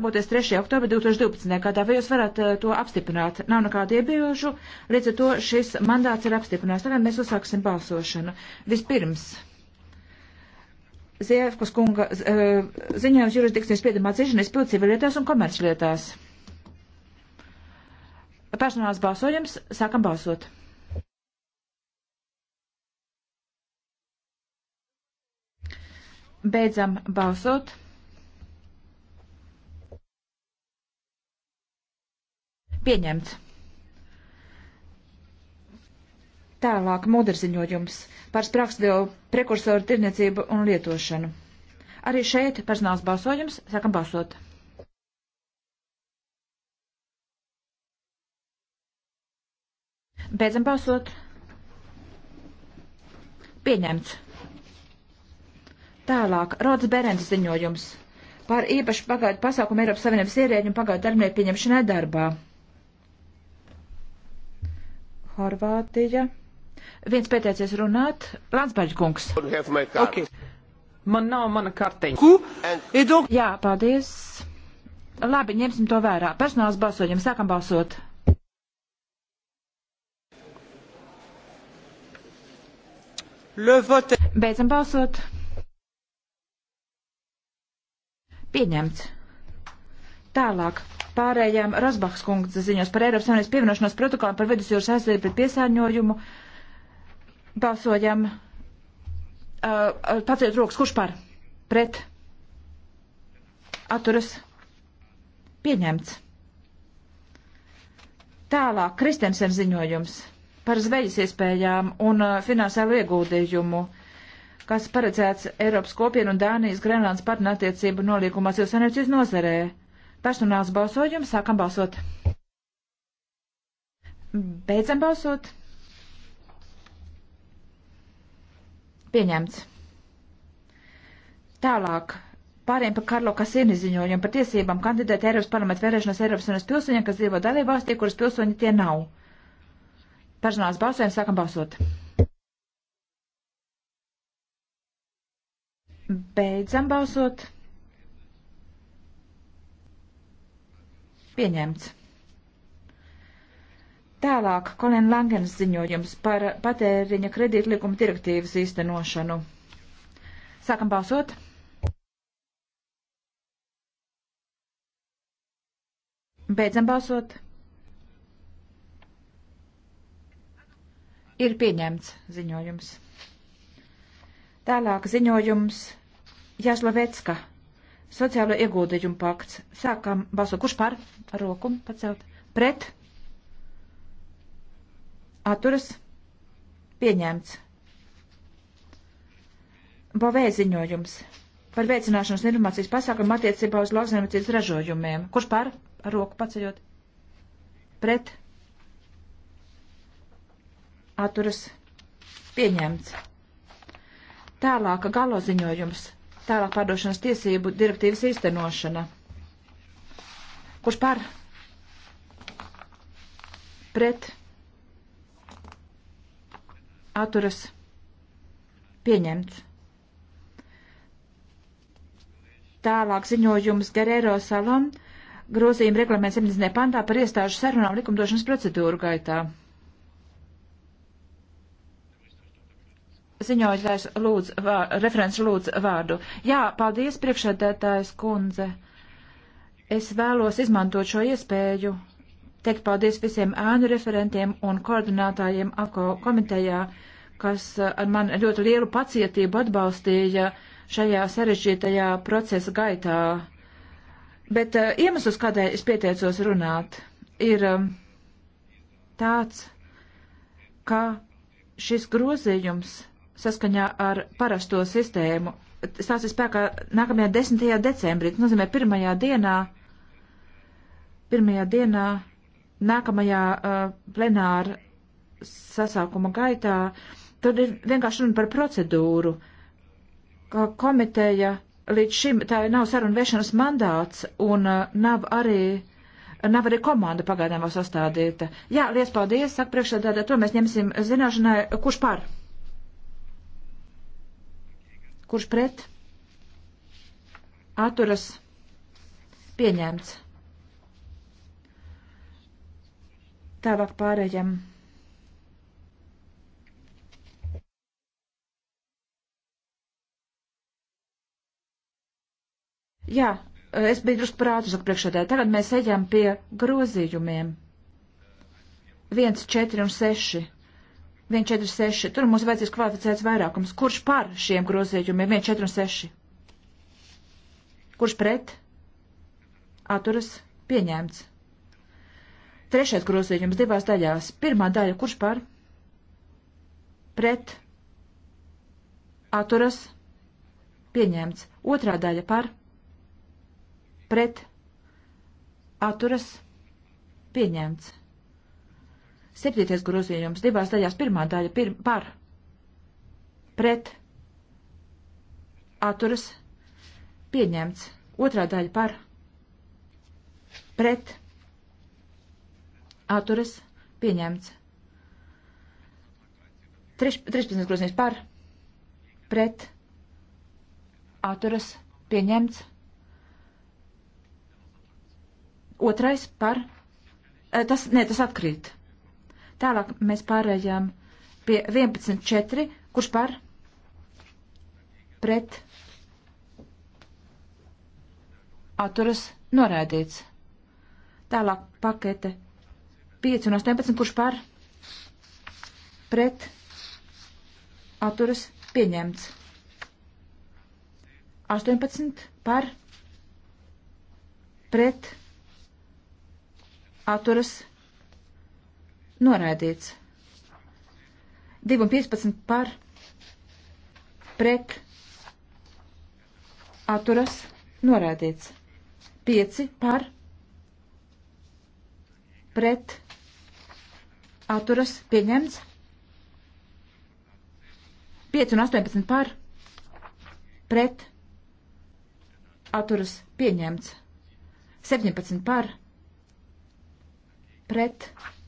Būties 3. oktobra 2012. gadā, vai jūs varat eh, to apstiprināt? Nav nekādu iebilžu, līdz ar to šis mandāts ir apstiprināts. Tagad mēs uzsāksim balsošanu. Vispirms. Ziefkas kunga eh, ziņojums jurisdikcijas piedamā cīšanas pildu civilietās un komerclietās. Personāls balsojums. Sākam balsot. Beidzam balsot. Pieņemts. Tālāk modrziņojums par sprākstvielu prekursoru tirniecību un lietošanu. Arī šeit personāls balsojums. Sākam balsot. Beidzam balsot. Pieņemts. Tālāk Rodas Berends ziņojums par īpašu pagaidu pasākumu Eiropas Savienības ierēģu un pagaidu darbinieku pieņemšanai darbā. Horvātija. Viens pieteicies runāt, Landsbergs kungs. Okay. Man nav mana karteņa. Jā, paldies. Labi, ņemsim to vērā. Personāls balsoņiem sākam balsot. Beidzam balsot. Pieņemts. Tālāk pārējām Rosbachs kungas ziņos par Eiropas Savienības pievienošanos protokolām par vidusjūras aizsardzību pret piesārņojumu. Balsojam. Uh, uh, paciet rokas, kurš par? Pret. Atturas. Pieņemts. Tālāk Kristensen ziņojums par zvejas iespējām un uh, finansiālu ieguldījumu, kas paredzēts Eiropas kopienu un Dānijas Grenlands partnerattiecību nolīkumās jau sanācijas nozarē. Personāls balsojums. Sākam balsot. Beidzam balsot. Pieņemts. Tālāk. Pāriem par Karlo Kasīni ziņojumu par tiesībām kandidēt Eiropas parlamentu vēlēšanas Eiropas Savienības pilsoņiem, kas dzīvo dalībvalstī, kuras pilsoņi tie nav. Personāls balsojums. Sākam balsot. Beidzam balsot. Pieņemts. Tālāk Kolēna Langens ziņojums par patēriņa kredītlikuma direktīvas īstenošanu. Sākam balsot. Beidzam balsot. Ir pieņemts ziņojums. Tālāk ziņojums Jāslavecka Sociālo ieguldījumu pakts. Sākam balsot. Kurš par? Ar roku pacelt. Pret. Atturas. Pieņemts. Bovē ziņojums. Par veicināšanas informācijas pasākumu attiecībā uz lauksaimniecības ražojumiem. Kurš par? Ar roku paceļot. Pret. Atturas. Pieņemts. Tālāka galo ziņojums Tālāk pārdošanas tiesību direktīvas īstenošana. Kurš par? Pret? Atturas? Pieņemts. Tālāk ziņojums Gerēro salon grozījuma reglamentā 70. pantā par iestāžu sarunām likumdošanas procedūru gaitā. ziņojotājs lūdz, vār, referents lūdz vārdu. Jā, paldies, priekšsēdētājs kundze. Es vēlos izmantot šo iespēju teikt paldies visiem ēnu referentiem un koordinātājiem AKO komitejā, kas uh, ar man ļoti lielu pacietību atbalstīja šajā sarežģītajā procesa gaitā. Bet uh, iemesls, kādēļ es pieteicos runāt, ir um, tāds, ka šis grozījums saskaņā ar parasto sistēmu. Stāsies spēkā nākamajā 10. decembrī, tas nozīmē pirmajā dienā, pirmajā dienā nākamajā uh, plenāra sasākuma gaitā. Tur ir vienkārši runa par procedūru, ka komiteja līdz šim tā nav saruna vešanas mandāts un uh, nav arī nav arī komanda pagaidām vēl sastādīta. Jā, liels paldies, saka priekšsēdētāji, to mēs ņemsim zināšanai, kurš par kurš pret atturas pieņemts. Tālāk pārējām. Jā, es biju drusku prātu, saka priekšādē. Tagad mēs ejam pie grozījumiem. 1, 4 un 6. 146. Tur mums vajadzēs kvalificēts vairākums. Kurš par šiem grozījumiem 146? Kurš pret? Atturas pieņēmts. Trešais grozījums divās daļās. Pirmā daļa, kurš par? Pret. Atturas. Pieņemts. Otrā daļa par? Pret. Atturas. Pieņemts. Septītais grozījums divās daļās pirmā daļa pir par pret atturas pieņemts. Otrā daļa par pret atturas pieņemts. Treš, 13. grozījums par pret atturas pieņemts. Otrais par. Eh, tas, nē, tas atkrīt. Tālāk mēs pārējām pie 11.4, kurš par pret atturas noraidīts. Tālāk pakete 5 un 18, kurš par pret atturas pieņemts. 18 par pret atturas pieņemts Noraidīts. 2 un 15 par pret atturas noraidīts. 5 par pret atturas pieņemts. 5 un 18 par pret atturas pieņemts. 17 par pret atturas pieņemts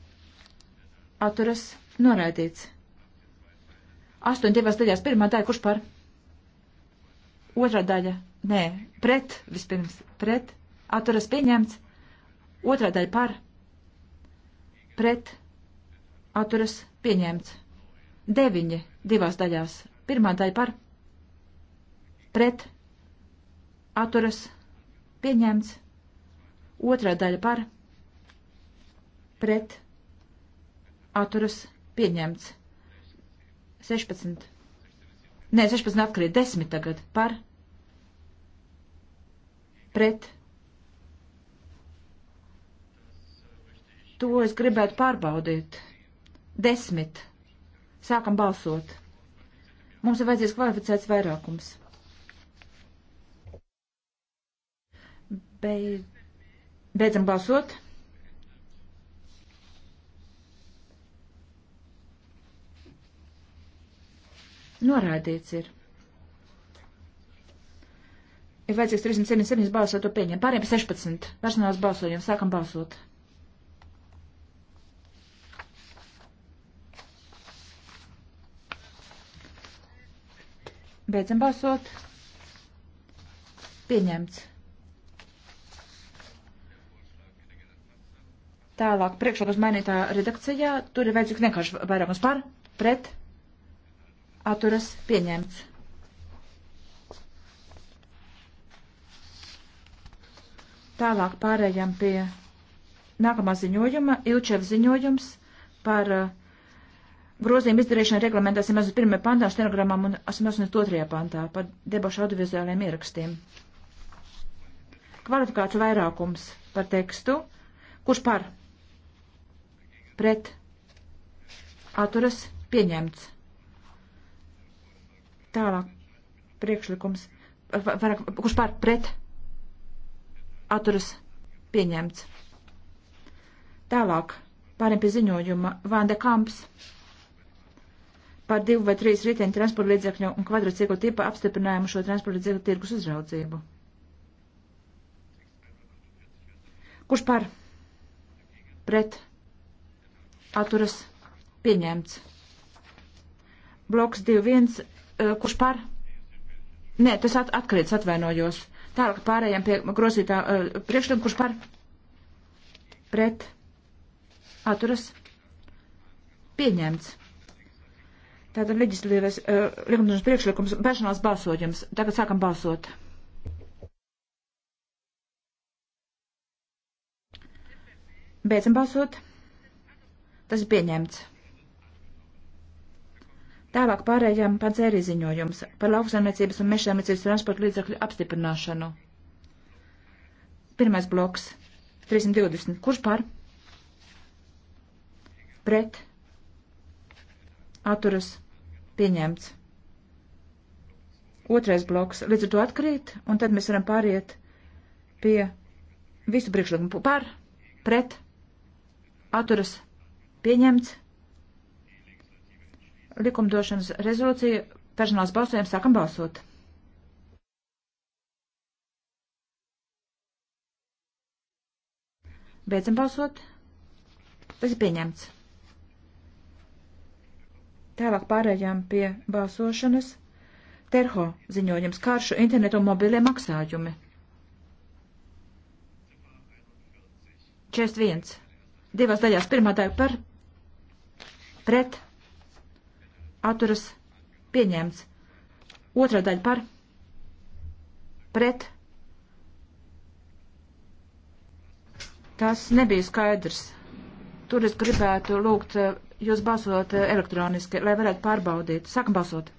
atturas noraidīts. 8 divās daļās pirmā daļa, kurš par? Otrā daļa, nē, pret vispirms, pret, atturas pieņemts. Otrā daļa par, pret, atturas pieņemts. 9 divās daļās, pirmā daļa par, pret, atturas pieņemts. Otrā daļa par, pret, atturas pieņemts. 16. Nē, 16 atkrīt, 10 tagad par pret. To es gribētu pārbaudīt. 10. Sākam balsot. Mums ir vajadzīgs kvalificēts vairākums. Beid... Beidzam balsot. Noraidīts ir. Ir vajadzīgs 377 balsot, to pieņem. Pāriem 16. Personāls balsojam. Sākam balsot. Beidzam balsot. Pieņemts. Tālāk, priekšlikums mainītā redakcijā, tur ir vajadzīgs vienkārši vairākums par, pret, atturas pieņemts. Tālāk pārējām pie nākamā ziņojuma, Ilčev ziņojums par uh, grozījumu izdarīšanu reglamentā 81. pantā, stenogramām un 82. pantā par debašu audiovizuāliem ierakstiem. Kvalifikāts vairākums par tekstu, kurš par pret atturas pieņemts. Tālāk priekšlikums, vairāk, kurš pār pret atturas pieņemts. Tālāk pāriem pie ziņojuma Vanda Kamps par divu vai trīs riteņu transporta līdzekļu un kvadrātciklu tipu apstiprinājumu šo transporta līdzekļu tirgus uzraudzību. Kurš par pret atturas pieņemts? Bloks 21 Eh, kurš par? Nē, tas at, atkrits, atvainojos. Tālāk pārējiem pie grozītā eh, priekšlikuma, kurš par? Pret. Atturas. Pieņemts. Tātad leģislatīvais uh, likumdošanas priekšlikums bēršanās balsojums. Tagad sākam balsot. Beidzam balsot. Tas ir pieņemts. Tālāk pārējām padzēri ziņojums par lauksaimniecības un mežsaimniecības transporta līdzakļu apstiprināšanu. Pirmais bloks 320. Kurš par? Pret. Atturas. Pieņemts. Otrais bloks. Līdz ar to atkrīt, un tad mēs varam pāriet pie visu priekšlikumu par, pret, atturas, pieņemts likumdošanas rezolūcija personāls balsojums sākam balsot. Beidzam balsot. Tas ir pieņemts. Tālāk pārējām pie balsošanas. Terho ziņojums karšu internetu un mobilie maksājumi. 41. Divas daļās. Pirmā daļa par pret atturas pieņemts. Otra daļa par pret. Tas nebija skaidrs. Tur es gribētu lūgt eh, jūs balsot eh, elektroniski, lai varētu pārbaudīt. Sākam balsot.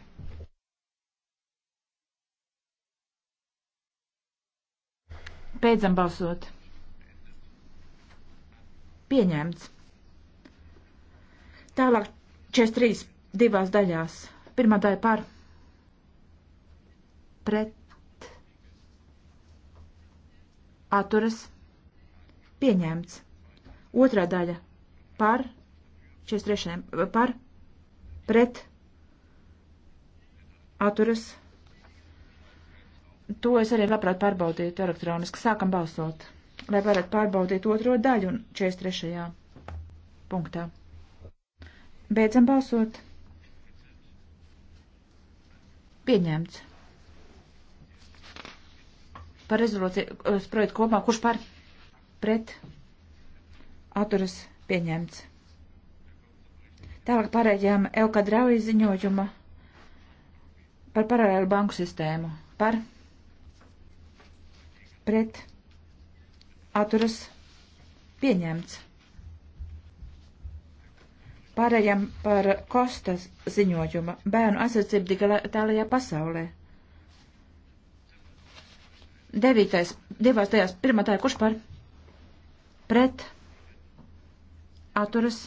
Beidzam balsot. Pieņemts. Tālāk 43 divās daļās. Pirmā daļa par pret atturas pieņemts. Otrā daļa par 43. par pret atturas. To es arī labprāt pārbaudītu elektroniski. Sākam balsot, lai varētu pārbaudīt otro daļu un 43. punktā. Beidzam balsot. Pieņemts. Par rezolūcijas eh, projektu kopumā, kurš par pret atturas pieņemts. Tālāk pārējām Elka Drauja ziņojuma par paralēlu banku sistēmu. Par pret atturas pieņemts. Pārējām par Kostas ziņojumu bērnu aizsardzību digitālajā pasaulē. Devītais, divās tajās, pirmā tajā, kurš par? Pret. Atturas.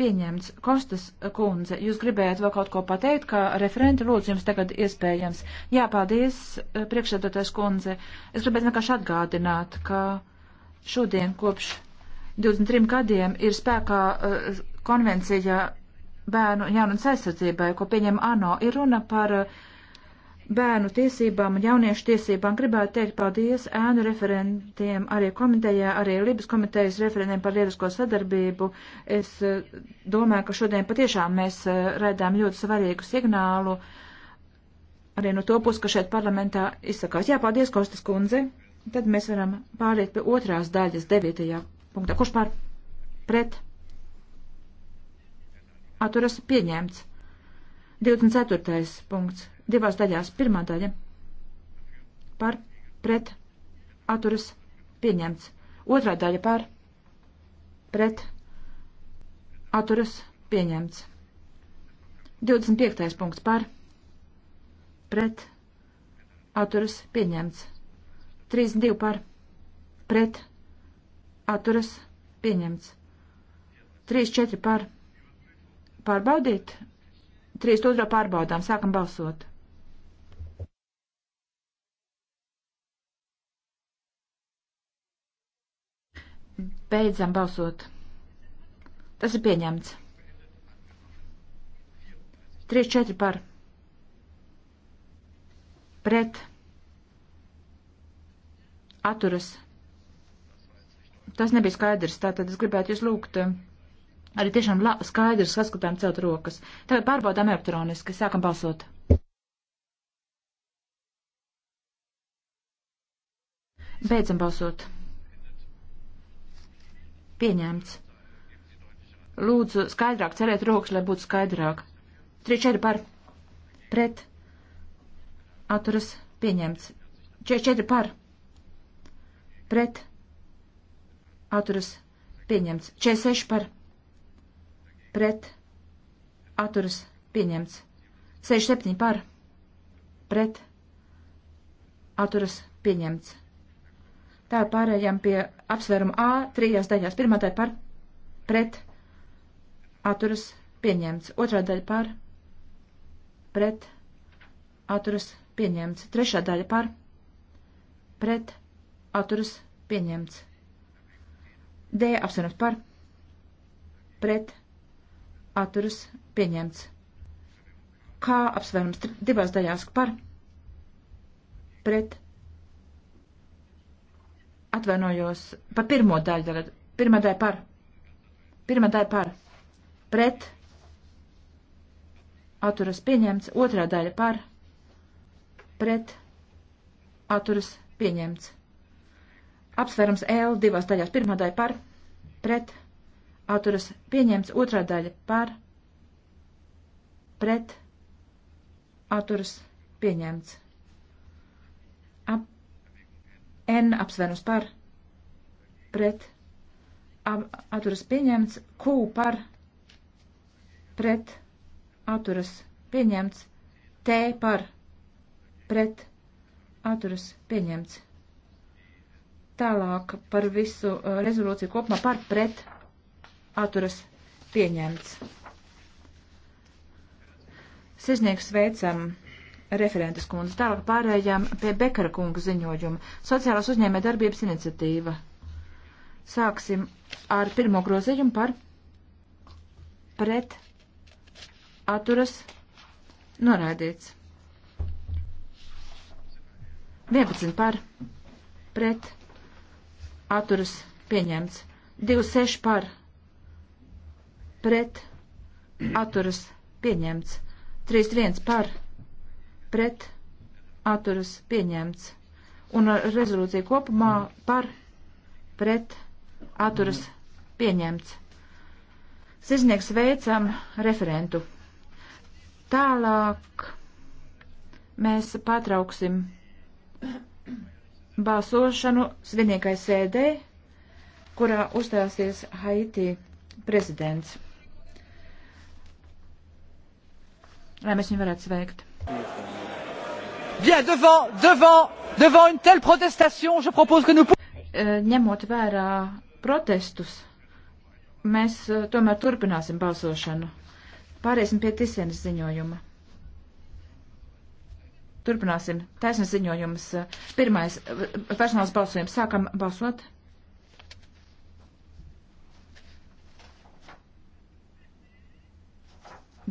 Pieņemts. Kostas kundze, jūs gribējāt vēl kaut ko pateikt, kā referenti lūdzu jums tagad iespējams. Jā, paldies, priekšsēdotājs kundze. Es gribētu vienkārši atgādināt, ka šodien kopš 23 gadiem ir spēkā uh, konvencija bērnu jaunas aizsardzībai, ko pieņem ANO. Ir runa par uh, bērnu tiesībām un jauniešu tiesībām. Gribētu teikt paldies ēnu referentiem, arī komitejā, arī Libas komitejas referentiem par lielisko sadarbību. Es uh, domāju, ka šodien patiešām mēs redzam ļoti svarīgu signālu arī no to puses, ka šeit parlamentā izsakās. Jā, paldies, Kostas kundze. Tad mēs varam pāriet pie otrās daļas, devītajā punktā. Kurš par? Pret. Atturas pieņemts. 24. punkts. Divās daļās. Pirmā daļa. Par. Pret. Atturas pieņemts. Otrā daļa par. Pret. Atturas pieņemts. 25. punkts par. Pret. Atturas pieņemts. 32 par. Pret atturas pieņemts. 3-4 par pārbaudīt. 3-2 pārbaudām. Sākam balsot. Beidzam balsot. Tas ir pieņemts. 3-4 par. Pret. Aturas. Tas nebija skaidrs, tātad es gribētu jūs lūgt eh, arī tiešām skaidrs, saskatām celt rokas. Tagad pārbaudām elektroniski, sākam balsot. Beidzam balsot. Pieņemts. Lūdzu, skaidrāk cerēt rokas, lai būtu skaidrāk. 3-4 par. Pret. Atturas. Pieņemts. 4-4 par. Pret atturas pieņemts. 46 par pret atturas pieņemts. 67 par pret atturas pieņemts. Tā pārējām pie apsvēruma A trijās daļās. Pirmā daļa par pret atturas pieņemts. Otrā daļa par pret atturas pieņemts. Trešā daļa par pret atturas pieņemts. D apsvērums par pret atturas pieņemts. K apsvērums divās daļās par pret atvainojos par pirmo daļu tagad. Pirmā daļa par. Pirmā daļa par. Pret atturas pieņemts. Otrā daļa par. Pret atturas pieņemts. Apsvērums L divās daļās. Pirmā daļa par, pret, atturas pieņemts. Otrā daļa par, pret, atturas pieņemts. Ap, N apsvērums par, pret, ap, atturas pieņemts. Q par, pret, atturas pieņemts. T par, pret, atturas pieņemts. Tālāk par visu uh, rezolūciju kopumā par pret atturas pieņemts. Sirdnieks sveicam referentes kundzi. Tālāk pārējām pie Bekara kunga ziņojuma. Sociālās uzņēmē darbības iniciatīva. Sāksim ar pirmo grozījumu par pret atturas norādīts. 11 par pret atturas pieņemts. 26 par pret atturas pieņemts. 31 par pret atturas pieņemts. Un rezolūcija kopumā par pret atturas pieņemts. Sirdnieks veicam referentu. Tālāk mēs pārtrauksim balsošanu svinīgai sēdē, kurā uzstāsies Haiti prezidents. Lai mēs viņu varētu sveikt. Bien, devant, devant, devant une telle protestation, je propose que nous... Eh, ņemot vērā protestus, mēs eh, tomēr turpināsim balsošanu. Pāriesim pie Tisienas ziņojuma. Turpināsim. Taisnes ziņojums. Pirmais eh, personāls balsojums. Sākam balsot.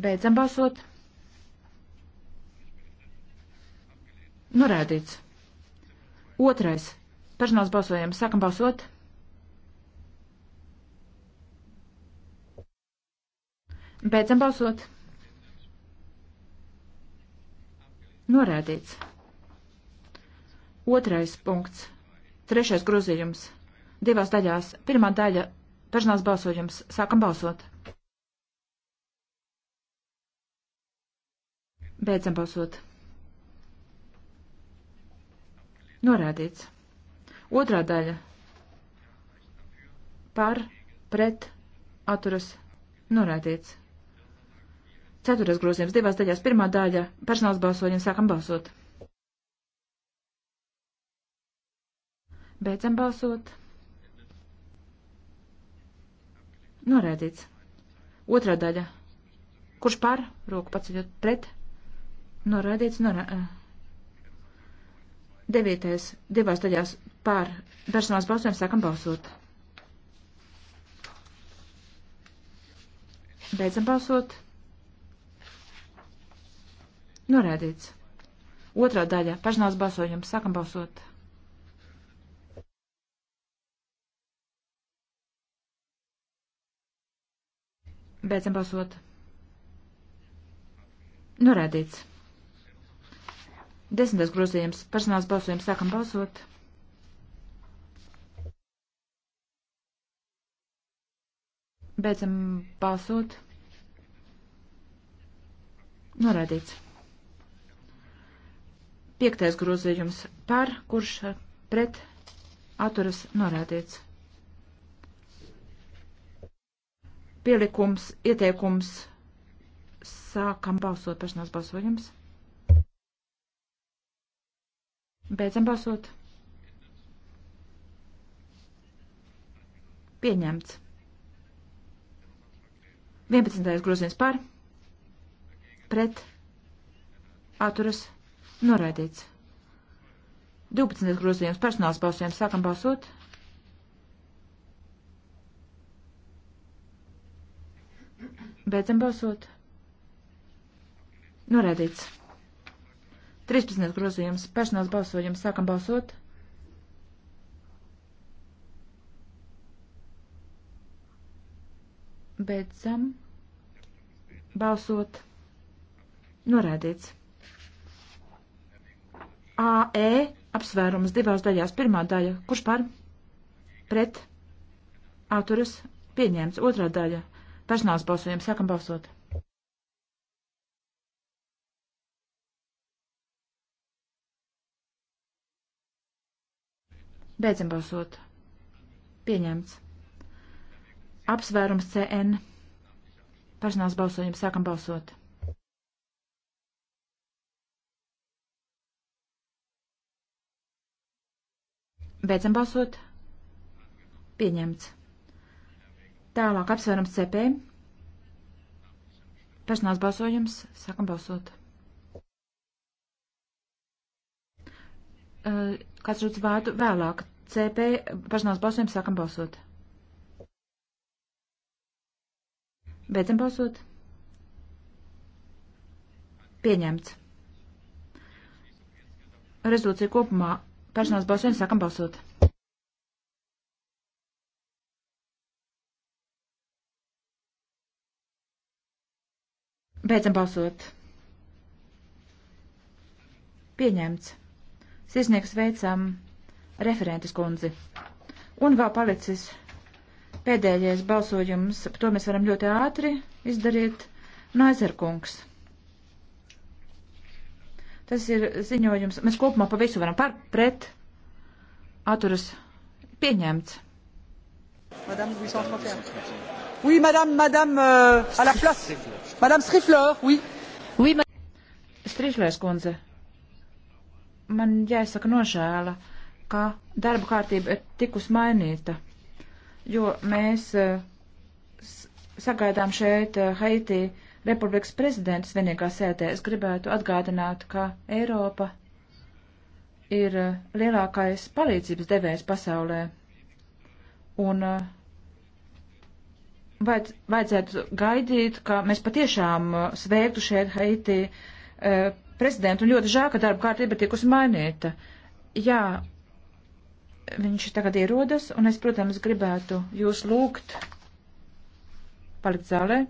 Beidzam balsot. Norādīts. Otrais. Personāls balsojums. Sākam balsot. Beidzam balsot. Norādīts. Otrais punkts. Trešais grozījums. Divās daļās. Pirmā daļa - personāls balsojums. Sākam balsot. Beidzam balsot. Norādīts. Otrā daļa - par, pret, atturas. Norādīts. Ceturtais grozījums divās daļās. Pirmā daļa - personāls balsojums. Sākam balsot. Beidzam balsot. Norēdīts. Otrā daļa. Kurš par? Roku paceļot pret. Norēdīts. Norē... Eh. Devītais. Divās daļās pār personāls balsojums. Sākam balsot. Beidzam balsot. Norēdīts. Otrā daļa. Pažinās balsojums. Sākam balsot. Beidzam balsot. Norēdīts. Desmitais grozījums. Personāls balsojums. Sākam balsot. Beidzam balsot. Norādīts. Piektais grozījums par, kurš pret atturas norādīts. Pielikums, ieteikums, sākam balsot personās balsojums. Beidzam balsot. Pieņemts. 11. grozījums par, pret, atturas norādīts Noraidīts. 12. grozījums personāls balsojums. Sākam balsot. Beidzam balsot. Noraidīts. 13. grozījums personāls balsojums. Sākam balsot. Beidzam balsot. Noraidīts. AE apsvērums divās daļās. Pirmā daļa, kurš par pret atturas pieņēmts. Otrā daļa, personāls balsojums, sākam balsot. Beidzam balsot. Pieņemts. Apsvērums CN. Personāls balsojums, sākam balsot. Beidzam balsot. Pieņemts. Tālāk apsveram CP. Personāls balsojums. Sākam balsot. Kāds rūdz vārdu vēlāk? CP personāls balsojums. Sākam balsot. Beidzam balsot. Pieņemts. Rezolūcija kopumā Personāls balsojums sākam balsot. Beidzam balsot. Pieņemts. Sirsnieks veicam referentes kundzi. Un vēl palicis pēdējais balsojums. To mēs varam ļoti ātri izdarīt. Nāzerkungs. No Tas ir ziņojums. Mēs kopumā pa visu varam par, pret, atturas pieņemts. Madame 831. Oui, madame, madame, uh, à la place. Madame Strifleur, oui. Oui, ma... Striflērs kundze, man jāsaka nožēla, ka darba kārtība ir tikus mainīta, jo mēs uh, sagaidām šeit uh, Haitī. Uh, republikas prezidents vienīgā sēdē, es gribētu atgādināt, ka Eiropa ir eh, lielākais palīdzības devējs pasaulē. Un eh, vajadz, vajadzētu gaidīt, ka mēs patiešām eh, sveiktu šeit Haiti prezidentu. Un ļoti žēl, ka darba kārtība tikusi mainīta. Jā, viņš tagad ierodas, un es, protams, gribētu jūs lūgt palikt zālē.